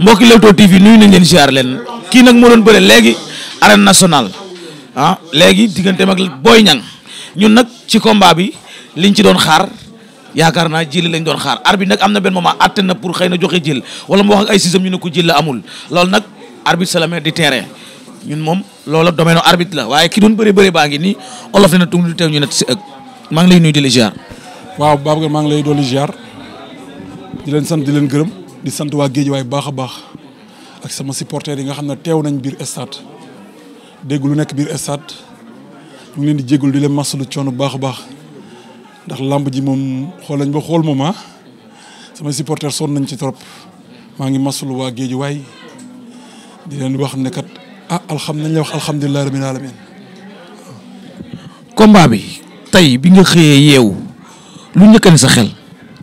mbokki Leewtoo TV nuyu nañ leen ziar leen kii nag moo doon bëre léegi arène nationale ah léegi diggante mag booy Niang ñun nag ci combat bi liñ ci doon xaar yaakaar naa jëli lañ doon xaar arbitre nag am na benn moment àtte na pour xëy na joxe jël wala mu wax ak ay sisam ñu ne ko jël la amul lool nag arbitre sa la met di terrain ñun moom loola domaine arbit la waaye ki doon bëre bëre baa ngi nii olof ne na tung du teew ñu ne si ëg maa ngi lay nuyu di la ziar waaw Babacar maa ngi lay doolu ziar di di leen gërëm di sant waa Géejawaay bu baax a baax ak sama supporters yi nga xam ne teew nañ biir stade dégg lu nekk biir stade ñu ngi leen di jégalu di leen masalu coon bu baax a baax ndax làmb ji moom xool nañ ba xool moom ah sama supporters sonn nañ ci trop maa ngi masalu waa Géejawaay di leen wax ne kat ah alhamdulilah wax alhamdulilah rabbil alamin combat bi tey bi nga xëyee yeewu lu njëkk sa xel.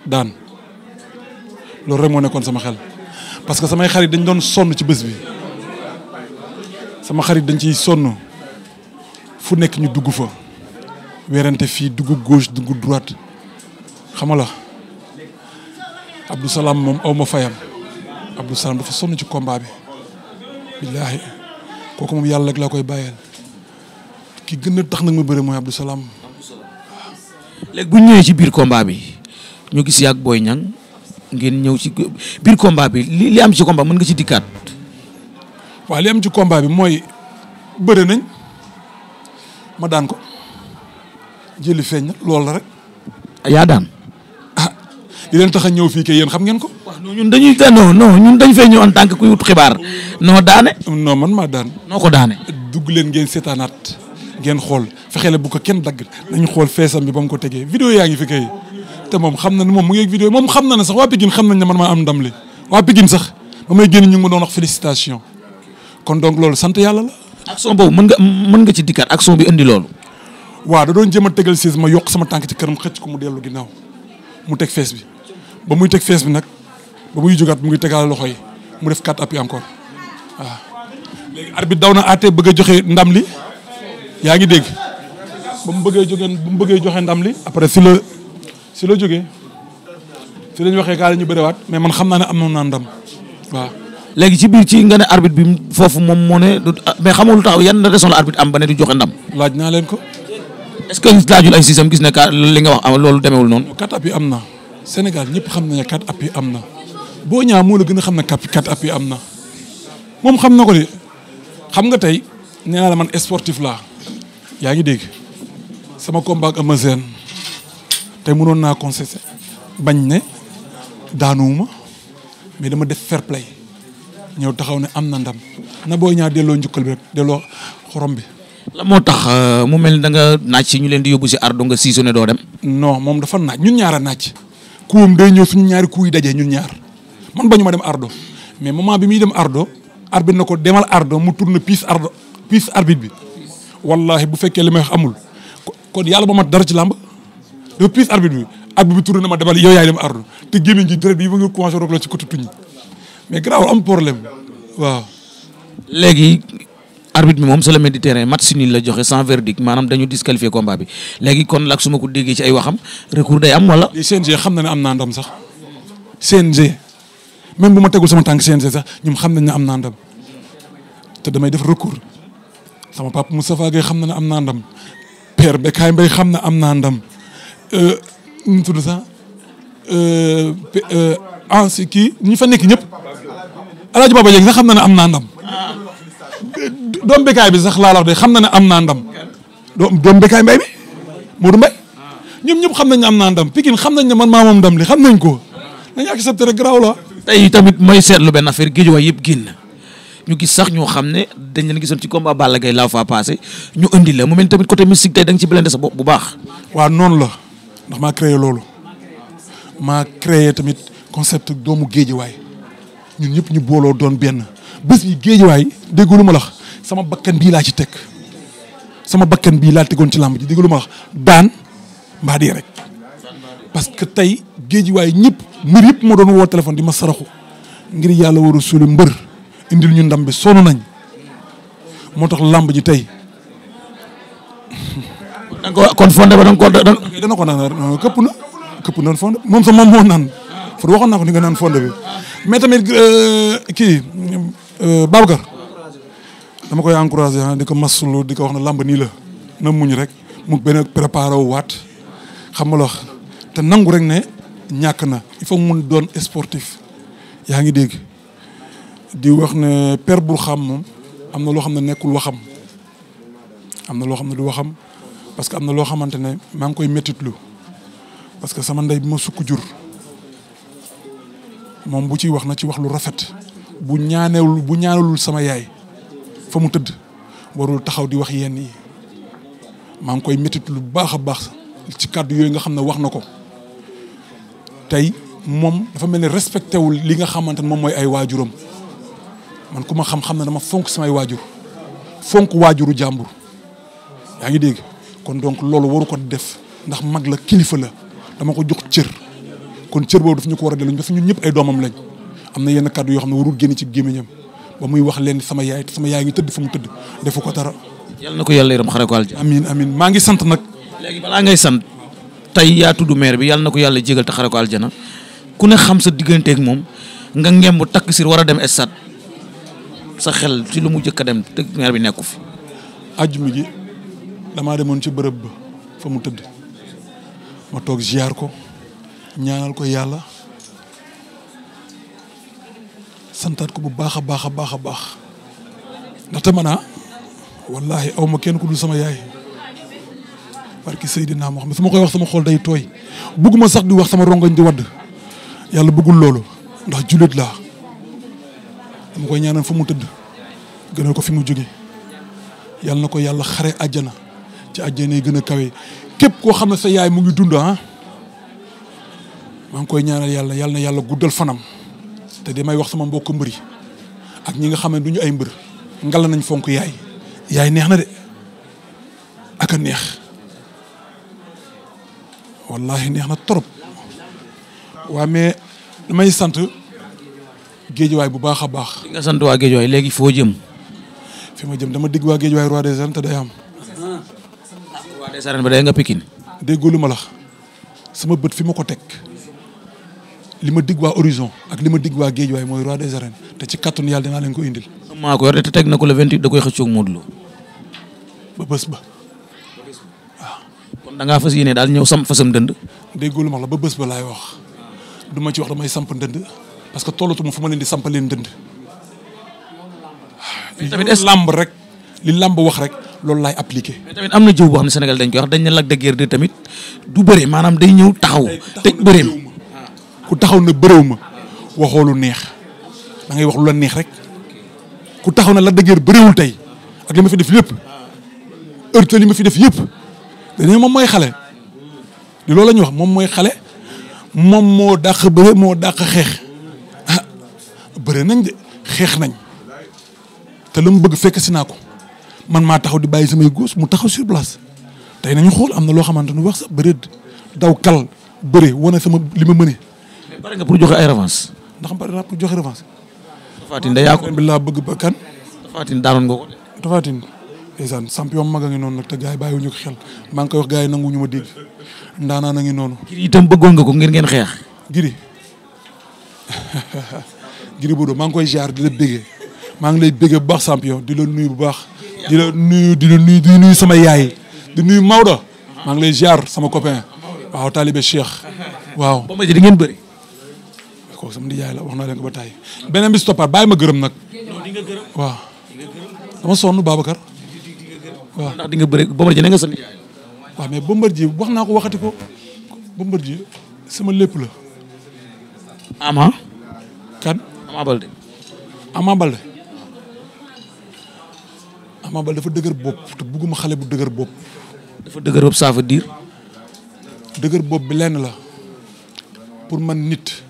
daan. loolu rek moo nekkoon sama xel parce que samay xarit dañ doon sonn ci bés bi sama xarit dañ ciy sonn fu nekk ñu dugg fa weerante fii dugg gauche dugg droite xama la Abdou Salam moom aw ma fayam Abdou Salam dafa sonn ci kombaa bi billaahi kooku moom yàlla rek laa koy bàyyeel ki gën a tax nag ma bëre mooy Abdou Salam léegi bu ñëwee ci biir combat bi ñu gis yàgg Boy Niang ngeen ñëw ci biir combat bi li li am ci combat mën nga ci dikkaat. waaw li ci combat bi mooy bëre nañ ma daan ko jëli feeñ na loolu la rek. Ah, yaa daan. ah di leen tax a ñëw fii kay yéen xam ngeen ko. waaw ñun dañuy non non ñun dañ fay ñëw en tant que wut xibaar noo daane. non man maa daan. noo ko daane. dugg leen ngeen seetaanaat ngeen xool fexe la bu ko kenn dagg. nañu xool feesam bi ba ko tegee vidéo yaa ngi fi kay. te moom xam na ne moom mu ngi ak moom xam na ne sax waa Pikine xam nañ ne maa am ndam li waa Pikine sax ba may génn ñu ngi ma doon wax félicitation kon donc loolu sant yàlla la. action boobu mën nga mën nga ci dikkaat action bi indi loolu. waa da doon jéem a tegal siis ma yokk sama tànk ci këram xëcc ko mu dellu ginnaaw mu teg fees bi ba muy teg fees bi nag ba muy jógaat mu ngi tegaale loxo yi mu def quatre appuis encore waaw. léegi arbitre daw na ate bëgg joxe ndam li yaa ngi dégg ba mu bëggee joxe si la jógee si la ñu waxee gaa la ñu bëriwaat mais man xam naa ne am noonu naa ndam waaw. léegi ci biir ci nga ne arbitre bi foofu moom moo ne du mais xamul tax yan raison la arbitre am ba ne du joxe ndam. laaj naa leen ko. est-ce que laajul ay système gis ne ka li nga wax ah, loolu demeewul noonu. quatre appuis am na Sénégal ñëpp xam nañu ne quatre appuis am na boo ñaa moo la gën a xam ne quatre appuis am na moom xam na ko de xam nga tey nee naa la man sportif laa yaa ngi dégg sama combat ak Eumeu te mënoon naa concessé bañ ne daanuwuma mais dama def fair play ñëw taxaw ne am na ndam na boo ñaar delloo njukkal bi rek delloo xorom bi. la moo tax euh, mu mel ni da nga naaj si ñu leen di si ardo nga doo dem. moom dafa naaj ñun ñaar a naaj. kuwam day ñëw suñu ñaari yi dajee ñun ñaar man bañu ma dem ardo mais moment bi muy dem ardo arbitre na ko demal ardo mu tourne piis ardo piis arbitre bi wallahi bu fekkee li may amul kon yàlla ba mat dara ci làmb dafa piis arbitre bi arbitre bi tourné na ma dabal yow yaay dem ardu te gémmiñ gi dërët bi ba nga commencé roog la ci côté tuñ mais garaawul am problème waaw léegi arbitre bi moom c'est le méditerrain match nul la joxe sans verdict maanaam dañu disqualifier combat bi léegi kon lak su ma ko déggee ci ay waxam recours day am wala CNG xam na ne am naa ndam sax CNG même bu ma tegul sama tànk CNG sax ñoom xam nañ ne am naa ndam te damay def recours sama papa Moustapha Gueye xam na ne am naa ndam père Bekaay xam na am naa ndam Euh, nu mu tudd euh, euh, ah, kii ñi fa nekk ñëpp alaaji baba jeeg sax xam na ne am naa ndam doom bekaay bi sax laa la de xam na ne am naa ndam doom bekaay mbay bi Modou Mbaye ñoom ñëpp xam nañ am naa ndam Pikine xam nañ ne man maa moom ndam li xam nañ ko dañu accepté rek garaaw la tey tamit may seetlu benn affaire géej waay yëpp génn ñu gis sax ñoo xam ne dañ leen gisoon ci combat Balla Gaye la fa passé ñu indi la mu mel tamit côté mystique tey da nga ci blindé bopp bu baax waa noonu la ndax maa créé loolu maa créé tamit concept doomu géejiwaay ñun ñëpp ñu booloo doon benn bés yi géejiwaay déggu lu ma la sama bakkan bii laa ci teg sama bakkan bii laa tegoon ci làmb ji déggu lu ma la daan mbaa dee rek parce que tey géejiwaay ñëpp mbir yëpp ma doon woo téléphone di ma saraxu ngir yàlla war a suuli mbër indil ñu ndam bi sonn nañ moo tax làmb ji tey da kon fonde ba da nga ko da dana ko naan euh, këpp na këpp naan moom sax moom moo naan far waxoon naa ko ni nga naan fonde bi mais tamit euh, kii euh, Babacar dama koy encouragé ah, di ko masulu di ko wax ne lamb nii la na muñ rek mu benn préparé wu waat xam nga loo wax te nangu rek ne ñàkk na il faut mun doon sportif yaa ngi dégg di wax ne per bul xam moom am na loo xam ne nekkul waxam am na loo xam ne du waxam parce que am na loo xamante ne maa ngi koy métitlu parce que sama ndey bu ma sukk jur moom bu ciy wax na ci wax lu rafet bu ñaanewul bu ñaanalul sama yaay fa mu tëdd warul taxaw di wax yenn yi maa ngi koy métit lu baax a baax ci kàddu yooyu nga xam ne wax na ko tey moom dafa mel ni respecté wul li nga xamante ne moom mooy ay waajuram man ku ma xam-xam ne dama fonk samay waajur fonk waajuru jàmbur yaa ngi dégg kon donc loolu waru ko def ndax mag la kilifa la dama ko jox cër kon cër boobu daf ñu ko war a dellu def ñun ñëpp ay doomam lañ am na yenn kàddu yoo xam ne warul génn ci gémmiñam ba muy wax leen sama yaay sama yaay ngi tëdd fu mu tëdd defu ko tara yal na ko yàlla yërëm xare ko aljana. amiin amiin maa ngi sant nag. léegi balaa ngay sant tey yaa tudd maire bi yal na ko yàlla jégal te xare ko aljana ku ne xam sa digganteeg moom nga ngemb takk sir war a dem stade sa xel ci lu mu jëkk a dem te bi nekku fi. ajjuma ji damaa demoon ci bërëb ba fa mu tëdd ma toog ziar ko ñaanal ko yàlla santaat ko bu baax a baax a baax a baax ndaxte manaa ah, wallahi aw ma kenn ku dul sama yaay barki Seydina Muhammad su ma koy wax sama xol day tooy bëgguma sax di wax sama rongoñ di wadd yàlla bëggul loolu ndax jullit laa dama koy ñaanal fa mu tëdd gënal ko fi mu jóge yàlla na ko yàlla xare àjjana ci àjjana yi gën a kawe képp koo xam na sa yaay mu ngi dund ah maa ngi koy ñaanal yàlla yàlla na yàlla guddal fanam te may wax sama mbokk mbëri ak ñi nga xam ne du ay mbër ngala nañ fonk yaay yaay neex na de ak a neex wallahi neex na trop waa mais may sant géejuwaay bu baax a baax. nga sant waa géejuwaay léegi foo jëm. fi ma jëm dama digg waa géejuwaay roi des arènes te day am. des arènes ba day nga Pikine. déggoo lu ma la sama bët fi ma ko teg li ma dig waa horizon ak li ma dig waa géej waay mooy roi des arènes te ci kattanu yàlla dinaa leen ko indil. maa ko yor te teg na ko le da koy xëccoog Modou Lo. ba bés ba. waaw. laay wax du ma ci wax damay samp ndënd parce que tollatuma fu ma leen di samp leen dënd. lamb rek li lamb wax rek. loolu laay tamit am na jiw boo xam ne Sénégal dañ koy wax dañ ne Lac de Guiers du bëre maanaam day ñëw taxaw tëj bëreem ku taxaw na bëréew ma waxoo lu neex da ngay wax la neex rek ku taxaw na Lac de Guiers tey ak ma fi def lépp heure li ma fi def yëpp moom mooy xale loolu la ñuy wax moom mooy xale moom moo dàq bëre moo dàq xeex ah bëre nañ de xeex nañ te la mu bëgg fekk si naa ko man maa taxaw di bàyyi samay góos mu taxaw sur place tey nañu xool am na loo xamante nu wax sax ba rëdd daw kal bëre wane sama li ma mëne. mais pare nga pour joxe ay revanche. ndax pare naa pour joxe revanche. Tapha Tine da yaa ko bi laa bëgg ba kan. Tapha Tine daanoon nga ko de. Tapha Tine ndeysaan champion mag a ngi noonu nag te gars yi bàyyiwuñu ko xel maa ngi koy wax gars yi nanguwuñu ma dégg ndaanaa na ngi noonu. giri itam bëggoon nga ko ngeen ngeen xeex. giri giri Bodo maa ngi koy jaar di la bége maa ngi lay bége bu baax champion di la nuyu bu baax di la nuyu di la nuyu sama yaay di nuyu Maodo maa ngi lay ziar sama copain waaw Talibe Cheikh waaw. ba ma ji di ngeen bëri. kooku sama di yaay la wax naa leen ko ba taay beneen bi si toppaat ma gërëm nag. waaw. dama sonn Babacar. waaw ndax di nga bëri Bombardier ne wax naa ko waxati ko Bombardier sama lépp la. Ama. Balde. Ama ba dafa dëgër bopp te bugguma xale bu dëgër bopp. dafa dëgër bopp ça dëgër bopp bi lenn la pour man nit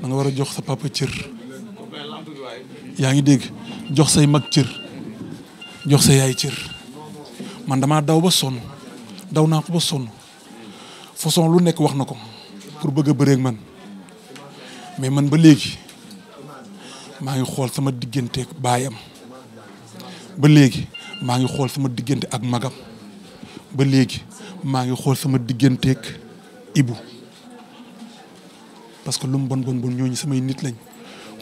da nga war a jox sa papa cër yaa ngi dégg jox say mag cër jox sa yaay cër man damaa daw ba sonn daw naa ko sonn façon lu nekk wax na ko pour bëgg a bëreeg man mais man ba léegi maa ngi xool sama digganteeg baayam. ba léegi maa ngi xool sama diggante ak magam ba léegi maa ngi xool sama digganteeg ibu parce que lu mu bon bon bon ñooñu samay nit lañ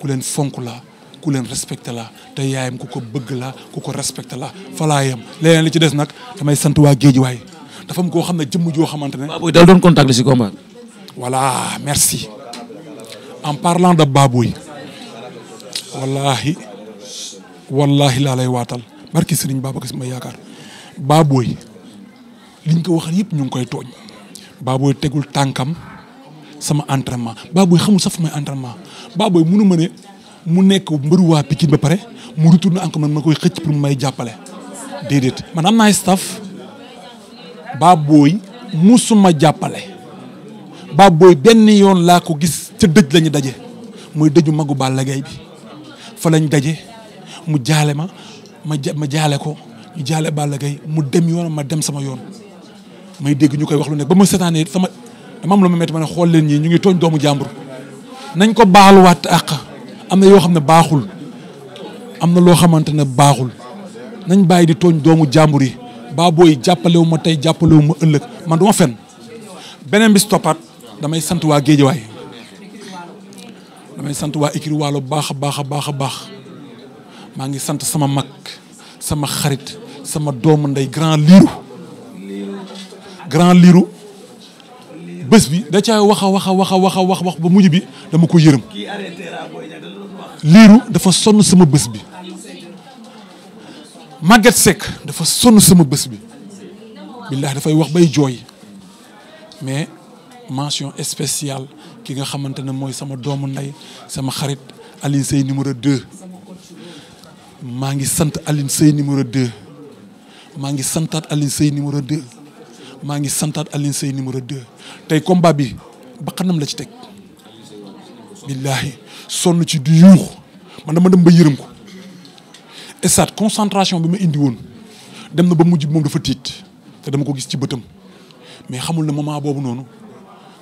ku leen fonk laa ku leen respecté la te yaayam ku ko bëgg laa ku ko respecté la fa laa yem leneen li ci des nag damay sant waa géej waay dafa am koo xam ne jëmm joo xamante ne. Baboy dal doon contact si combat. voilà merci en parlant de Baboy wallahi wallahi laa lay waatal barki sëriñ Babacar Sy ma yaakaar baabooy liñ ko waxal yépp ñu ngi koy tooñ baabooy tegul tànkam sama entraînement baabooy xamul sax fu may entraînement baabooy munu ma ne mu nekk mbëru waa Pikine ba pare mu retourné encore man ma koy xëcc pour mu may jàppale déedéet man am naa staff baabooy musuma jàppale baabooy benn yoon laa ko gis ca dëj lañu daje mooy dëju magu Balla Gaye bi fa lañ daje mu jaale ma ma ma jaale ko ñu jaale Balla Gaye mu dem yoonam ma dem sama yoon may dégg ñu koy wax lu nekk ba ma setaanee sama dama am ma metti ma ne xool leen ñii ñu ngi tooñ doomu jàmbur nañ ko baaluwaat àq am na yoo xam ne baaxul am na loo xamante ne baaxul nañ bàyyi di tooñ doomu jàmbur yi baaboo yi jàppalewu ma tey jàppalewu ma ëllëg man du ma fen beneen bi toppaat damay sant waa géej géejawaay damay sant waa ikiri waalo baax a baax a baax a baax maa ngi sant sama mag sama xarit sama doom ndey grand liiru grand liiru bés bi da caa wax wax wax a wax wax wax ba mujj bi dama ko yërëm liiru dafa sonn sama bés bi Maguette Seck dafa sonn sama bës bi billahi dafay wax bay jooy mais mention spéciale ki nga xamante ne mooy sama doomu ndey sama xarit Alioune Seye numéro 2 maa ngi sant Aline numéro 2 maa ngi santaat Aline Seye numéro 2 maa ngi santaat Aline Seye numéro 2 tey combat bi ba xanam la ci teg billaahi sonn ci du yuux man dama dem ba yërëm ko estat concentration bi ma indi woon dem na ba mujj moom dafa tiit te dama ko gis ci bëtam mais xamul na ma moment boobu noonu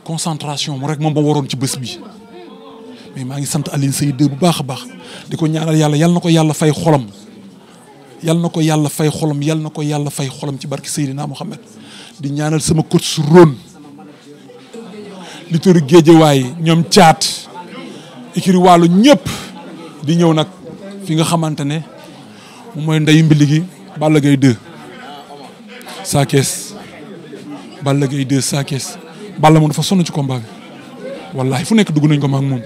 concentration mu rek moom ma waroon ci bés bi mais maa ngi sant Alioune Seye 2 bu baax a baax di ko ñaanal yàlla yal na ko yàlla fay xolam yal na ko yàlla fay xolam yal na ko yàlla fay xolam ci barki Seydina Mohamed di ñaanal sama coach Rone li tëru géejewaay ñoom caat ikiri wàllu ñëpp di ñëw nag fi nga xamante ne moom mooy ndeyu mbili gi Balla Gaye 2 saa kees Balla Gaye 2 saa moom dafa sonn ci combat bi wallahi fu nekk dugg nañ ko maak moom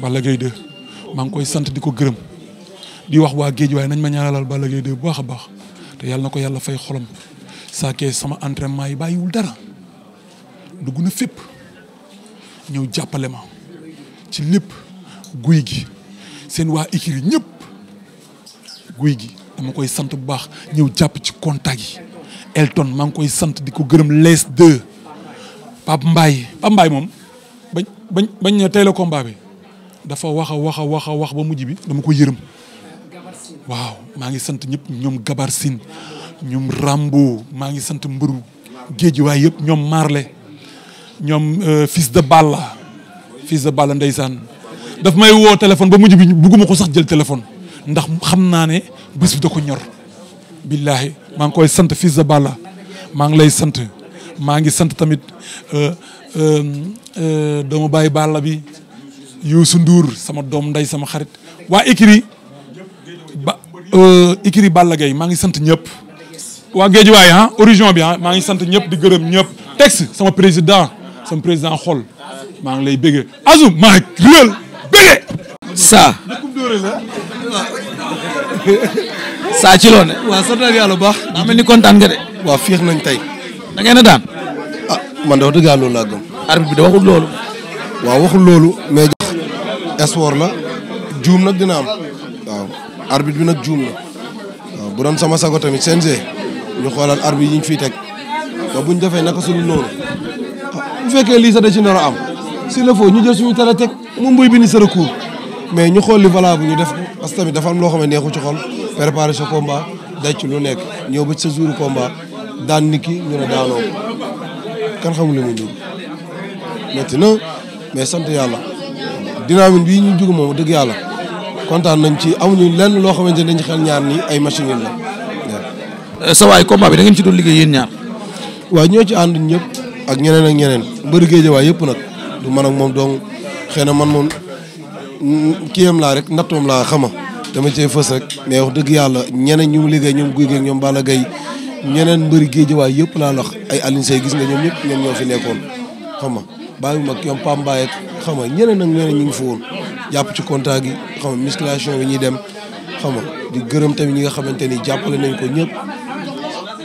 Balla Gaye 2 maa ngi koy sant di ko gërëm di wax waa géej waaye nañ ma ñaanalal Balla Gaye 2 bu baax a baax te yàlla na ko yàlla fay xolam saa kee sama entraînement yi bàyyiwul dara dugg na fépp ñëw jàppale ma ci lépp guy gi seen waa écurie ñëpp guy gi dama koy sant bu baax ñëw jàpp ci contact yi Elton maa ngi koy sant di ko gërëm les deux Pape Mbaye moom bañ bañ bañ na tey la combat bi dafa wax a wax a wax a wax ba mujj bi dama ko yërëm waaw maa ngi sant ñëpp ñoom Gabar Sine ñoom Rambo maa ngi sant mbëru géej yëpp ñoom Marley ñoom euh, fils de Balla fils de Balla ndeysaan dafa may woo téléphone ba mujj bi bugguma ko sax jël téléphone ndax xam naa ne bés bi da ko ñor billaahi maa ngi koy sant fils de Balla maa ngi lay sant maa ngi sant tamit euh, euh, dama bàyyi Balla bi Youssou Ndour sama doom nday sama xarit waa Ikri ba euh, Ikri Balla Gaye maa ngi sant ñëpp. waa géej waay ah origion bi ah maa ngi sant ñëpp di gërëm ñëpp texte sama président sama président xol maa ngi lay bëggee Azou maa ngi réel bëggee. saa. saa ci loone waaw sant naa yàlla bu baax. daa ni kontaan nga de. waaw féex nañ tey. da ngeen daan. Ah, man de wax dëgg loolu laa gëm. bi de waxul loolu. waaw waxul loolu mais. espoir la juum nag dina am waaw bi nag juum na waaw bu doon sama sago tamit CNG ñu xoolal arbitre yi ñu fiy teg te buñ defee naka suñu noonu ah, bu fekkee lii sa da ci nar am si le faut ñu jël suñu tere teg mu mbuy bi ni sa recours mais ñu xool li bu ñu def ko parce que tamit dafa am loo xam ne neexu ci xol préparer sa combat daj ci nekk ñëw ba ci sa jour combat daan nit ki ñu ne daanoo kan xamul li muy mais sant yàlla dynamique bii ñu jug moom dëgg yàlla kontaan nañ ci amuñu lenn loo xamante ne dañ xel ñaar ni ay machine la waaw. sa waay ci liggéey yéen ñaar. waaw ñoo ci ànd ñëpp ak ñeneen ak ñeneen mbëri géejawaay yëpp nag du man ak moom dong xëy na man moom kiyam laa rek nattoom laa xama dama cee fës rek mais wax dëgg yàlla ñeneen ñu liggéey ñoom Guy Gi ñoom Balla Gaye ñeneen mbëri géejawaay yëpp naa lax ay Alioune Seye gis nga ñoom ñëpp ñoom ñoo fi nekkoon xam nga bàyyi mag ñoom pam ak xam nga ñeneen ak ñeneen ñu ngi fa woon jàpp ci contact gi xam nga musculation bi ñuy dem xam nga di gërëm tamit ñi nga xamante ni jàppale nañ ko ñëpp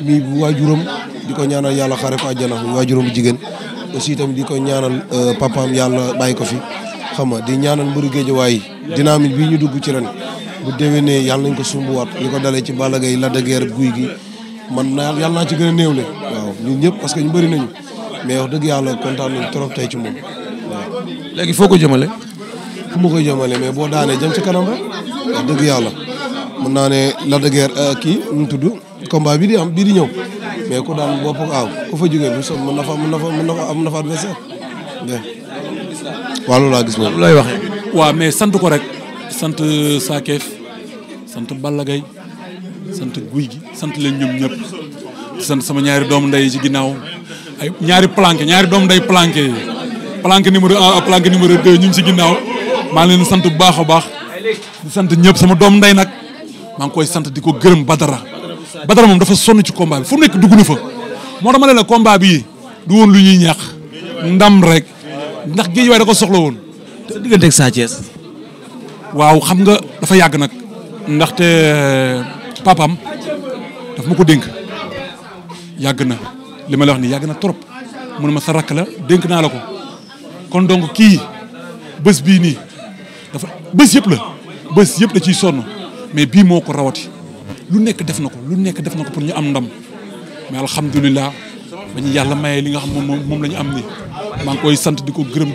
mi bu waajuram di ko ñaanal yàlla xare ko àjjana bu waajuram bu jigéen aussi tamit di ko ñaanal euh, papaam yàlla bàyyi ko fi xam nga di ñaanal mbëru géejawaay dynamique bii ñu dugg ci ren bu déwénee yàlla nañ ko sumbuwaat li ko dalee ci Balla Gaye Lac de Guiers guy gi man naa yàlla naa ci gën a néew le waaw ñun ñëpp parce que ñu bëri nañu mais wax dëgg yàlla kontaan nañ trop tey moom waaw. léegi foo ko jëmale. fu ma koy jëmale mais boo daanee jëm ci kanam rek wax dëgg yàlla mën naa ne la de guerre euh, kii nu mu tudd combat bi di am bii di ñëw mais ku daan bopp ak aaw fa jógee bu so mën na fa mën na fa mën na fa am na fa adversaire waaw loolu laa gis moom lay waxee. waaw mais sant ko rek sant euh, Sakef sant Balla Gaye sant Guy gi sant leen ñoom ñëpp sama ñaari doomu ndey ci ginnaaw. ñaari planqué ñaari doom day planqué yi planqué numéro un planqué numéro deux ñu ngi si ginnaaw maa ngi leen sant bu baax a baax di sant ñëpp sama doom nday nag maa ngi koy sant di ko gërëm Badara Badara moom dafa sonn ci combat bi fu nekk dugg na fa moo tax ma ne la bi du woon lu ñuy ñax ndam rek ndax géej waay da soxla woon. sa diggante ak Sa waaw xam nga dafa yàgg nag. ndaxte euh, papam daf ma ko dénk yàgg na. li ma la wax nii yàgg na trop mun ma sa rakk la dénk naa la ko kon donc kii bés bii nii dafa bés yëpp la bës yëpp da ciy sonn mais bii moo ko rawati lu nekk def na ko lu nekk def na ko pour ñu am ndam mais alhamdulilah ba ñu yàlla mayee li nga xam moom moom la ñu am nii maa koy sant di ko gërëm